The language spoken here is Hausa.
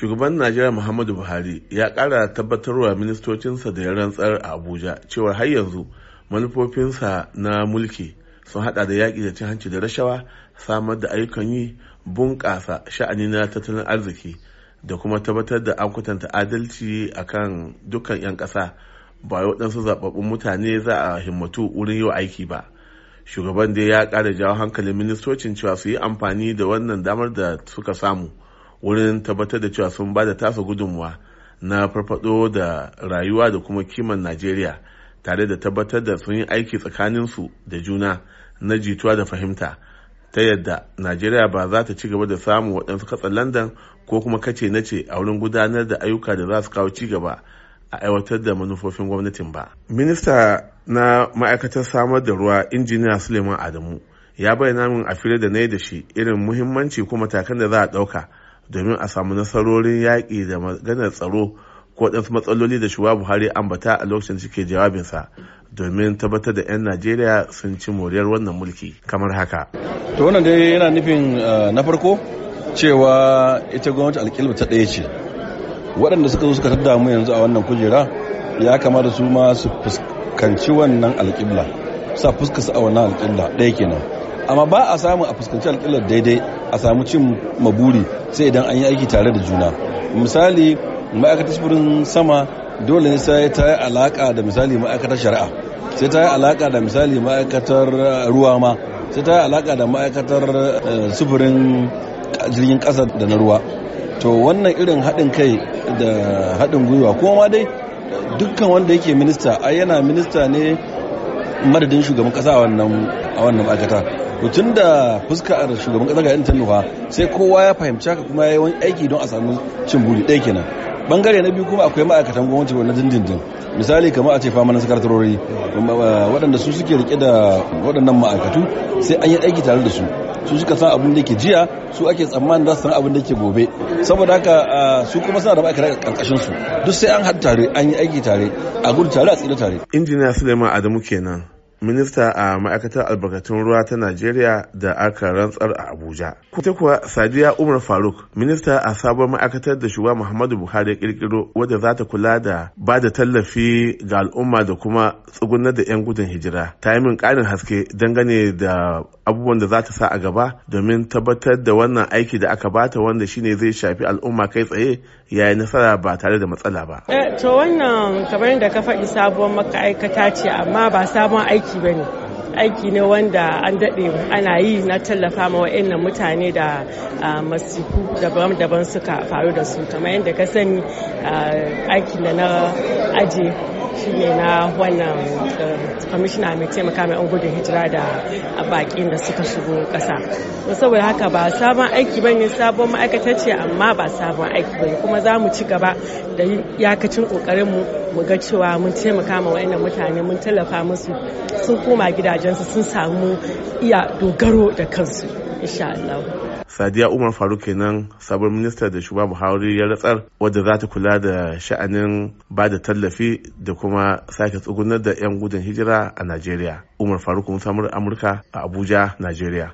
shugaban najeriya muhammadu buhari ya kara tabbatarwa ministocinsa da ya rantsar a abuja cewar har yanzu manufofinsa na mulki sun hada da yaƙi da cin hanci da rashawa samar da ayyukan yi bunƙasa sha'ani na tattalin arziki da kuma tabbatar da an kwatanta adalci a kan dukkan 'yan ƙasa ba waɗansu zaɓaɓɓun mutane za a himmatu wurin yau aiki ba shugaban da ya ƙara jawo hankalin ministocin cewa su yi amfani da wannan damar da suka samu wurin tabbatar da cewa sun ba da tasa gudunmuwa na farfado da rayuwa da kuma kiman najeriya tare da tabbatar da sun yi aiki tsakaninsu da juna na jituwa da fahimta ta yadda najeriya ba za ta ci gaba da samun waɗansu katsan landan ko kuma kace na ce a wurin gudanar da ayyuka da za su kawo ci gaba a aiwatar da manufofin gwamnatin ba minista na ma'aikatar samar da ruwa injiniya suleiman adamu ya bayyana min a fili da na yi da shi irin muhimmanci kuma matakan da za a ɗauka domin a samu nasarorin yaƙi da maganar tsaro ko ɗansu matsaloli da shugaba buhari ambata a lokacin da jawabinsa domin tabbatar da 'yan najeriya sun ci moriyar wannan mulki kamar haka to wannan dai yana nufin ah, na farko cewa ita gwamnati alƙilba ta ɗaya ce waɗanda suka zo suka tadda mu yanzu a wannan kujera ya kamata su ma su fuskanci wannan alƙibla sa fuskasa a wannan alƙibla ɗaya kenan amma ba a samu a fuskanci alƙalar daidai a samu cin maburi sai idan an yi aiki tare da juna misali ma'aikatar sufurin sama dole ne sai ta yi alaƙa da misali ma'aikatar shari'a sai ta yi alaƙa da misali ma'aikatar eh, ruwa ma sai ta yi alaƙa da ma'aikatar eh, sufurin jirgin ƙasa da na ruwa to wannan irin haɗin kai da haɗin gwiwa kuma ma dai dukkan wanda yake minista ai yana minista ne madadin shugaban kasa a wannan a wannan ma'aikata to tunda fuskar shugaban kasa ga yan tannuwa sai kowa ya fahimci haka kuma yayi wani aiki don a samu cin buri ɗaya kenan bangare na biyu kuma akwai ma'aikatan gwamnati na dindindin misali kamar a ce famanin sakatarori waɗanda su suke rike da waɗannan ma'aikatu sai an yi aiki tare da su su suka san abin da ke jiya su ake tsammanin za su san abin da ke gobe saboda haka su kuma suna da ma'aikata karkashin su duk sai an haɗu tare an yi aiki tare a gudu tare a tsira tare injiniya suleiman adamu kenan minista a ma'aikatar albarkatun ruwa ta najeriya da aka rantsar a abuja kuta kuwa sadiya umar faruk minista a sabon ma'aikatar da shugaba muhammadu buhari ya kirkiro wadda za ta kula da ba da tallafi ga al'umma da kuma tsugunar da 'yan gudun hijira ta yi min karin haske dangane da abubuwan da za ta sa a gaba domin tabbatar da wannan aiki da aka bata wanda shine zai shafi al'umma kai tsaye ya yi nasara ba tare da matsala ba. Eh, to wannan kamar da ka faɗi sabuwar ma'aikata ce amma ba sabon aiki aiki ba ne aiki ne wanda an daɗe ana yi na tallafa ma wa'annan mutane da masifu daban-daban suka faru da su kamar yadda ka sani aiki da na aje ne na wannan eh, kwamishina mai taimaka mai an gudun hijira da bakin da suka shigo kasa saboda haka ba sabon aiki ba ne sabon ma'aikata ce amma ba sabon aiki ba kuma za mu ci gaba da yakacin kokarin mu ga cewa mun taimaka ma wayannan mutane mun tallafa musu sun koma gidajensu sun samu iya dogaro da kansu Sadiya Umar Faruk kenan sabon minista da shugaba Buhari ya ratsar wadda za ta kula da sha'anin ba da tallafi da kuma sake tsugunar da 'yan gudun hijira a Najeriya. Umar Faruk samar Amurka a Abuja, Najeriya.